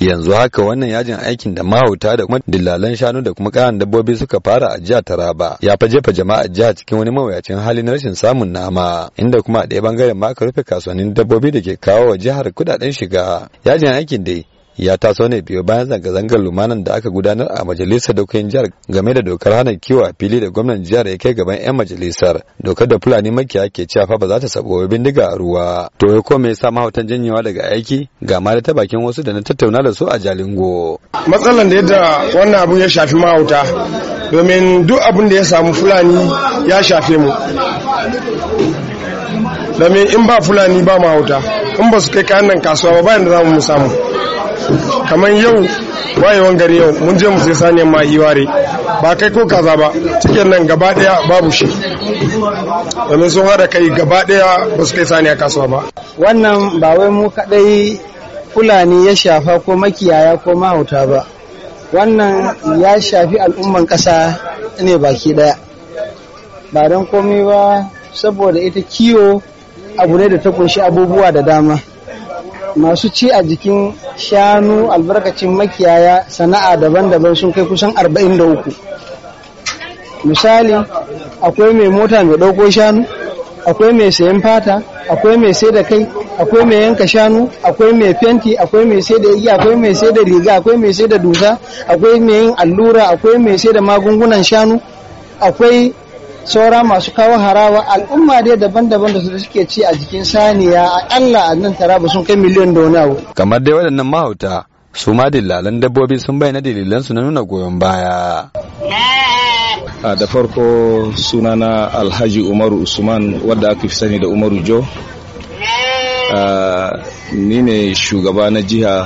yanzu haka wannan yajin aikin da mahauta da kuma dillalan shanu da kuma kayan dabbobi suka fara a jihar Taraba ya fa jefa jama'a jihar cikin wani mawuyacin hali na rashin samun nama inda kuma a ɗaya bangaren ma aka rufe kasuwannin dabbobi da ke kawo wa jihar kudaden shiga yajin aikin dai ya taso ne biyo bayan zanga-zangar lumanan da aka gudanar a majalisar dokokin jihar game da dokar hana kiwo a fili da gwamnan jihar ya kai gaban 'yan majalisar dokar da fulani makiya ke cewa ba za ta sabo bindiga a ruwa to ya kome sa yasa mahautan janyewa daga aiki ga ma da ta bakin wasu da na tattauna da su a jalingo matsalan da yadda wannan abu ya shafi mahauta domin duk abin da ya samu fulani ya shafe mu domin in ba fulani ba mahauta in ba su kai kayan nan kasuwa ba bayan da za mu samu kamar yau wayewan gari yau mun je mu sai saniyan ma iware ba kai ko kaza ba cikin nan gaba daya babu shi domin sun hada kai gaba daya ba su kai saniya kasuwa ba wannan ba wai mu kadai fulani ya shafa ko makiyaya ko mahauta ba wannan ya shafi al'umman ƙasa ne baki ɗaya ba don komai ba saboda ita kiwo abu ne da ta kunshi abubuwa da dama masu ci a jikin shanu albarkacin makiyaya sana'a daban-daban sun kai kusan 43 misali akwai mai mota mai dauko shanu akwai mai sayan fata akwai mai sai da kai akwai mai yanka shanu akwai mai fenti akwai mai sai da igiya akwai mai sai da riga akwai mai sai da dusa akwai mai yin allura akwai mai sai da magungunan shanu akwai saura masu kawo harawa al'umma dai daban-daban da suke ci a jikin saniya Allah a nan taraba sun kai miliyan da wani abu kamar dai waɗannan mahauta su ma dillalan dabbobi sun bayyana su na nuna goyon baya a da farko sunana alhaji umaru usman wadda aka fi sani da umaru jo ni ne shugaba na jiha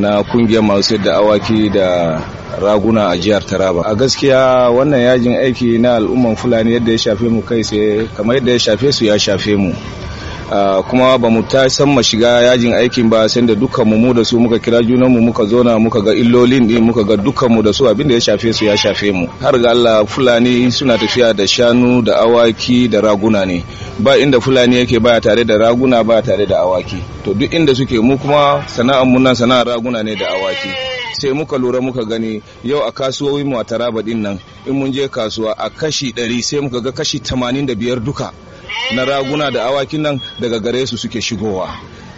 na kungiyar masu da awaki da raguna a jihar Taraba. A gaskiya wannan yajin aiki na al'umman Fulani yadda ya shafe mu kai sai kamar yadda ya shafe su ya shafe mu. kuma ba mu ta san ma shiga yajin aikin ba sai da dukkan mu mu da su muka kira junan mu muka zona muka ga illolin din muka ga dukkan mu da su abinda ya shafe su ya shafe mu har ga Allah fulani suna tafiya da shanu da awaki da raguna ne ba inda fulani yake baya tare da raguna ba tare da awaki to duk inda suke mu kuma sana'ar mu nan sana'ar raguna ne da awaki sai muka lura muka gani yau a kasuwoyi mu a taraba din nan in mun je kasuwa a kashi 100 sai muka ga kashi 85 duka na raguna da awakin nan daga gare su suke shigowa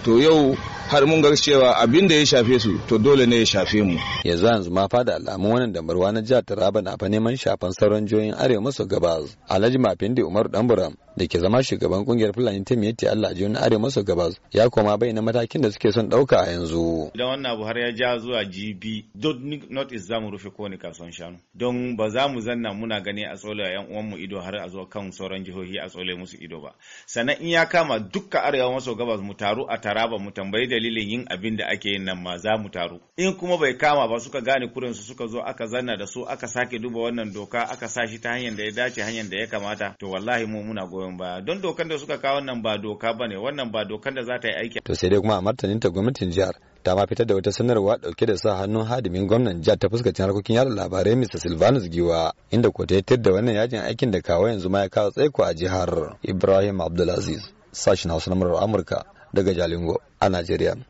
to yau har mun gar cewa abin da ya shafe su to dole ne ya shafe mu yanzu yanzu ma fada alamu wannan marwa na jihar taraba na fa neman shafan sauran jihohin arewa maso gabas alhaji mafindi umar danburam da ke zama shugaban kungiyar Fulani ta miyatti Allah na Arewa maso gabas ya koma bai na matakin da suke son ɗauka a yanzu. Idan wannan abu har ya ja zuwa GB don ni not is zamu rufe ko kowane kasuwan shanu don ba za mu zanna muna gani a tsole yan uwan mu ido har a zo kan sauran jihohi a tsole musu ido ba. Sannan in ya kama dukka Arewa maso gabas mu taru a Taraba mu tambayi dalilin yin abin da ake yin nan ma za mu taru. In kuma bai kama ba suka gane kurin su suka zo aka zanna da su aka sake duba wannan doka aka sa shi ta hanyar da ya dace hanyar da ya kamata to wallahi mu muna goyon goyon baya don dokan da suka kawo nan ba doka ba ne wannan ba dokan da za ta yi aiki. to sai dai kuma a martanin ta gwamnatin jihar ta ma fitar da wata sanarwa dauke da sa hannun hadimin gwamnan jihar ta fuskacin harkokin yada labarai Mr. Silvanus Giwa inda ko ta yi da wannan yajin aikin da kawo yanzu ma ya kawo tsaiko a jihar Ibrahim Abdulaziz sashen Hausa na Amurka daga Jalingo a Najeriya.